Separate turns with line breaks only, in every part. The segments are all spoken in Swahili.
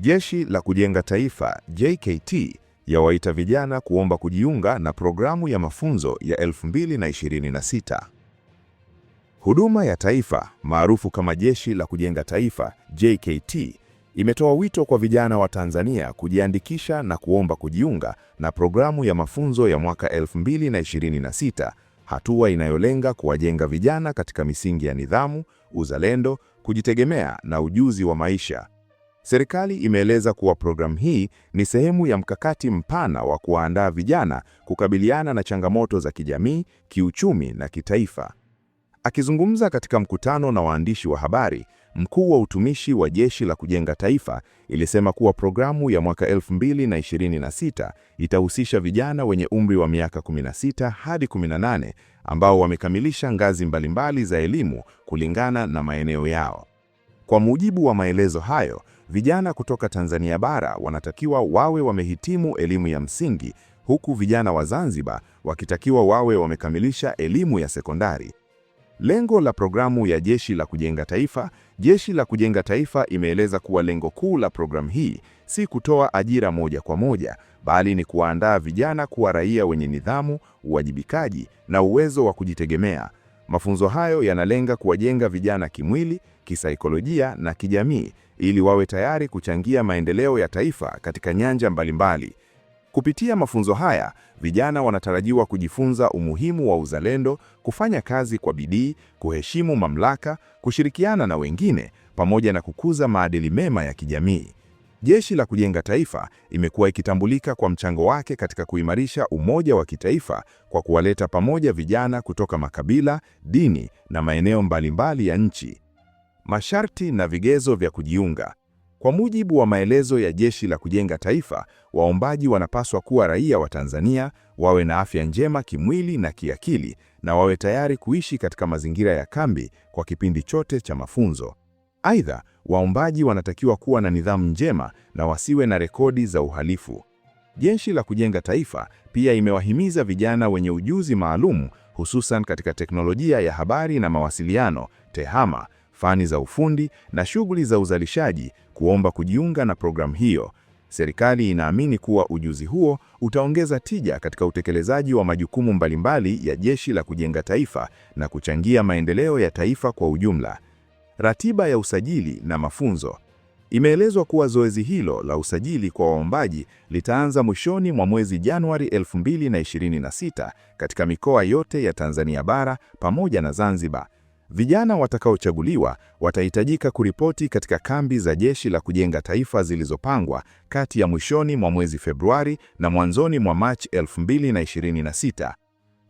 Jeshi la Kujenga Taifa JKT yawaita vijana kuomba kujiunga na programu ya mafunzo ya 2026. Huduma ya Taifa maarufu kama Jeshi la Kujenga Taifa JKT imetoa wito kwa vijana wa Tanzania kujiandikisha na kuomba kujiunga na programu ya mafunzo ya mwaka 2026, hatua inayolenga kuwajenga vijana katika misingi ya nidhamu, uzalendo, kujitegemea na ujuzi wa maisha. Serikali imeeleza kuwa programu hii ni sehemu ya mkakati mpana wa kuwaandaa vijana kukabiliana na changamoto za kijamii, kiuchumi na kitaifa. Akizungumza katika mkutano na waandishi wa habari, mkuu wa utumishi wa Jeshi la Kujenga Taifa ilisema kuwa programu ya mwaka 2026 itahusisha vijana wenye umri wa miaka 16 hadi 18 ambao wamekamilisha ngazi mbalimbali za elimu kulingana na maeneo yao. Kwa mujibu wa maelezo hayo, vijana kutoka Tanzania bara wanatakiwa wawe wamehitimu elimu ya msingi, huku vijana wa Zanzibar wakitakiwa wawe wamekamilisha elimu ya sekondari. Lengo la programu ya Jeshi la Kujenga Taifa. Jeshi la Kujenga Taifa imeeleza kuwa lengo kuu la programu hii si kutoa ajira moja kwa moja, bali ni kuwaandaa vijana kuwa raia wenye nidhamu, uwajibikaji na uwezo wa kujitegemea. Mafunzo hayo yanalenga kuwajenga vijana kimwili, kisaikolojia na kijamii ili wawe tayari kuchangia maendeleo ya taifa katika nyanja mbalimbali. Kupitia mafunzo haya, vijana wanatarajiwa kujifunza umuhimu wa uzalendo, kufanya kazi kwa bidii, kuheshimu mamlaka, kushirikiana na wengine pamoja na kukuza maadili mema ya kijamii. Jeshi la Kujenga Taifa imekuwa ikitambulika kwa mchango wake katika kuimarisha umoja wa kitaifa kwa kuwaleta pamoja vijana kutoka makabila, dini na maeneo mbalimbali ya nchi. Masharti na vigezo vya kujiunga. Kwa mujibu wa maelezo ya Jeshi la Kujenga Taifa, waombaji wanapaswa kuwa raia wa Tanzania, wawe na afya njema kimwili na kiakili, na wawe tayari kuishi katika mazingira ya kambi kwa kipindi chote cha mafunzo. Aidha, waombaji wanatakiwa kuwa na nidhamu njema na wasiwe na rekodi za uhalifu. Jeshi la Kujenga Taifa pia imewahimiza vijana wenye ujuzi maalum hususan katika teknolojia ya habari na mawasiliano, TEHAMA, fani za ufundi na shughuli za uzalishaji kuomba kujiunga na programu hiyo. Serikali inaamini kuwa ujuzi huo utaongeza tija katika utekelezaji wa majukumu mbalimbali ya Jeshi la Kujenga Taifa na kuchangia maendeleo ya taifa kwa ujumla ratiba ya usajili na mafunzo. Imeelezwa kuwa zoezi hilo la usajili kwa waombaji litaanza mwishoni mwa mwezi Januari 2026 katika mikoa yote ya Tanzania bara pamoja na Zanzibar. Vijana watakaochaguliwa watahitajika kuripoti katika kambi za Jeshi la Kujenga Taifa zilizopangwa kati ya mwishoni mwa mwezi Februari na mwanzoni mwa Machi 2026.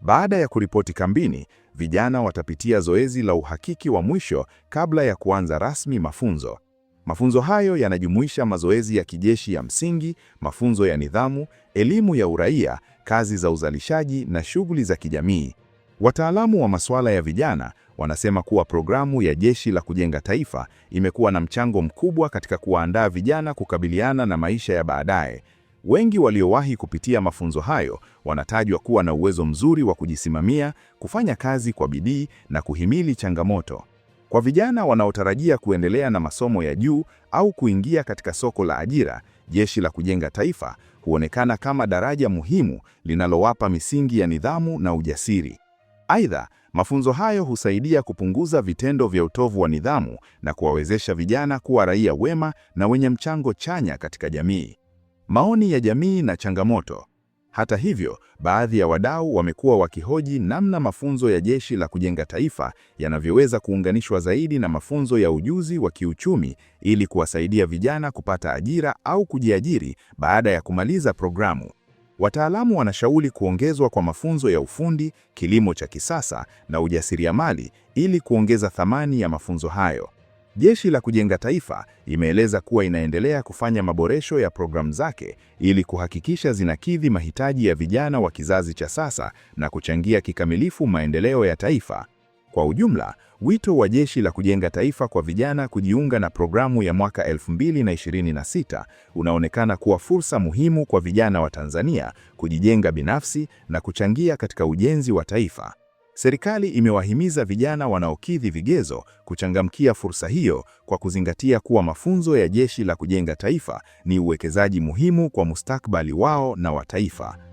Baada ya kuripoti kambini, vijana watapitia zoezi la uhakiki wa mwisho kabla ya kuanza rasmi mafunzo. Mafunzo hayo yanajumuisha mazoezi ya kijeshi ya msingi, mafunzo ya nidhamu, elimu ya uraia, kazi za uzalishaji na shughuli za kijamii. Wataalamu wa masuala ya vijana wanasema kuwa programu ya Jeshi la Kujenga Taifa imekuwa na mchango mkubwa katika kuwaandaa vijana kukabiliana na maisha ya baadaye. Wengi waliowahi kupitia mafunzo hayo wanatajwa kuwa na uwezo mzuri wa kujisimamia, kufanya kazi kwa bidii na kuhimili changamoto. Kwa vijana wanaotarajia kuendelea na masomo ya juu au kuingia katika soko la ajira, Jeshi la Kujenga Taifa huonekana kama daraja muhimu linalowapa misingi ya nidhamu na ujasiri. Aidha, mafunzo hayo husaidia kupunguza vitendo vya utovu wa nidhamu na kuwawezesha vijana kuwa raia wema na wenye mchango chanya katika jamii maoni ya jamii na changamoto. Hata hivyo, baadhi ya wadau wamekuwa wakihoji namna mafunzo ya Jeshi la Kujenga Taifa yanavyoweza kuunganishwa zaidi na mafunzo ya ujuzi wa kiuchumi ili kuwasaidia vijana kupata ajira au kujiajiri baada ya kumaliza programu. Wataalamu wanashauri kuongezwa kwa mafunzo ya ufundi, kilimo cha kisasa na ujasiriamali ili kuongeza thamani ya mafunzo hayo. Jeshi la Kujenga Taifa imeeleza kuwa inaendelea kufanya maboresho ya programu zake ili kuhakikisha zinakidhi mahitaji ya vijana wa kizazi cha sasa na kuchangia kikamilifu maendeleo ya taifa. Kwa ujumla, wito wa Jeshi la Kujenga Taifa kwa vijana kujiunga na programu ya mwaka 2026 unaonekana kuwa fursa muhimu kwa vijana wa Tanzania kujijenga binafsi na kuchangia katika ujenzi wa taifa. Serikali imewahimiza vijana wanaokidhi vigezo kuchangamkia fursa hiyo kwa kuzingatia kuwa mafunzo ya Jeshi la Kujenga Taifa ni uwekezaji muhimu kwa mustakabali wao na wa taifa.